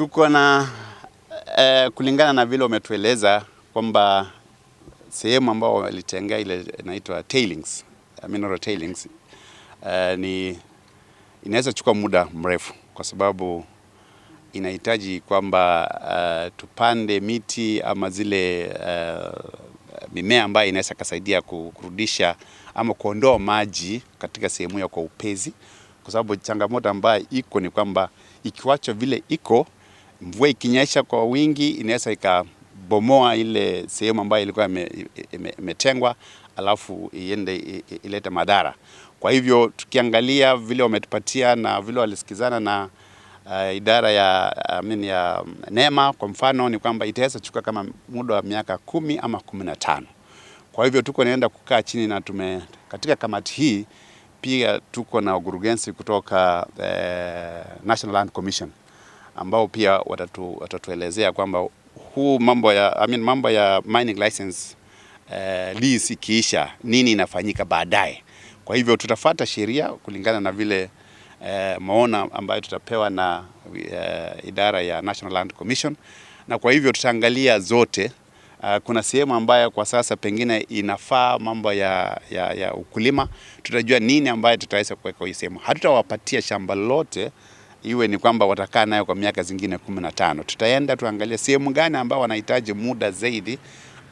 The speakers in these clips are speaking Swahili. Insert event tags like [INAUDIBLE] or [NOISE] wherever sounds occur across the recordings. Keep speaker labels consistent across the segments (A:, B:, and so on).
A: Tuko na eh, kulingana na vile umetueleza kwamba sehemu ambayo walitengea ile inaitwa tailings, eh, mineral tailings eh, ni inaweza chukua muda mrefu kwa sababu inahitaji kwamba uh, tupande miti ama zile uh, mimea ambayo inaweza kasaidia kurudisha ama kuondoa maji katika sehemu hiyo kwa upezi kwa sababu changamoto ambayo iko ni kwamba ikiwacho vile iko mvua ikinyesha kwa wingi inaweza ikabomoa ile sehemu ambayo ilikuwa imetengwa, alafu iende ilete madhara. Kwa hivyo tukiangalia vile wametupatia na vile walisikizana na uh, idara ya, I ya NEMA kwa mfano ni kwamba itaweza chukua kama muda wa miaka kumi ama kumi na tano. Kwa hivyo tuko naenda kukaa chini na tume, katika kamati hii pia tuko na ugurugenzi kutoka uh, National Land Commission ambao pia watatu, watatuelezea kwamba huu mambo ya, I mean, mambo ya mining license uh, lease ikiisha nini inafanyika baadaye. Kwa hivyo tutafata sheria kulingana na vile uh, eh, maona ambayo tutapewa na uh, idara ya National Land Commission, na kwa hivyo tutaangalia zote Uh, kuna sehemu ambayo kwa sasa pengine inafaa mambo ya, ya, ya ukulima. Tutajua nini ambayo tutaweza kuweka hiyo sehemu. Hatutawapatia shamba lote iwe ni kwamba watakaa nayo kwa miaka zingine kumi na tano. Tutaenda tuangalie sehemu gani ambao wanahitaji muda zaidi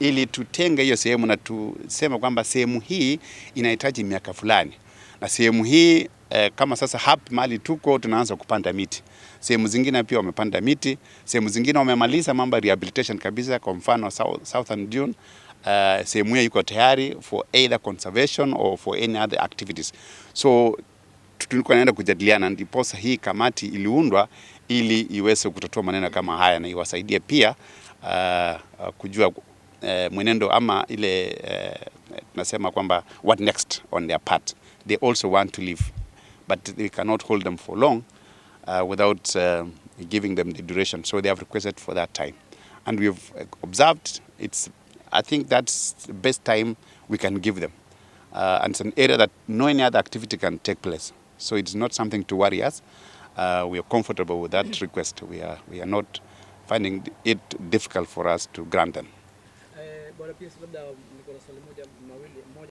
A: ili tutenge hiyo sehemu na tusema kwamba sehemu hii inahitaji miaka fulani, na sehemu hii eh, kama sasa hapa mali tuko tunaanza kupanda miti. Sehemu zingine pia wamepanda miti, sehemu zingine wamemaliza mambo ya rehabilitation kabisa. Kwa mfano South, Southern Dune uh, sehemu hiyo iko tayari for either conservation or for any other activities so tulikuwa naenda kujadiliana, ndiposa hii kamati iliundwa ili iweze kutatua maneno kama haya na iwasaidie pia uh, uh, kujua uh, mwenendo ama ile uh, tunasema uh, kwamba what next on their part they also want to live but we cannot hold them for long uh, without uh, giving them the duration so they have requested for that time and we've observed it's I think that's the best time we can give them uh, and it's an area that no any other activity can take place So it's not something to worry us. Uh, we are comfortable with that [LAUGHS] request. We are, we are not finding it difficult for us to grant them. Eh,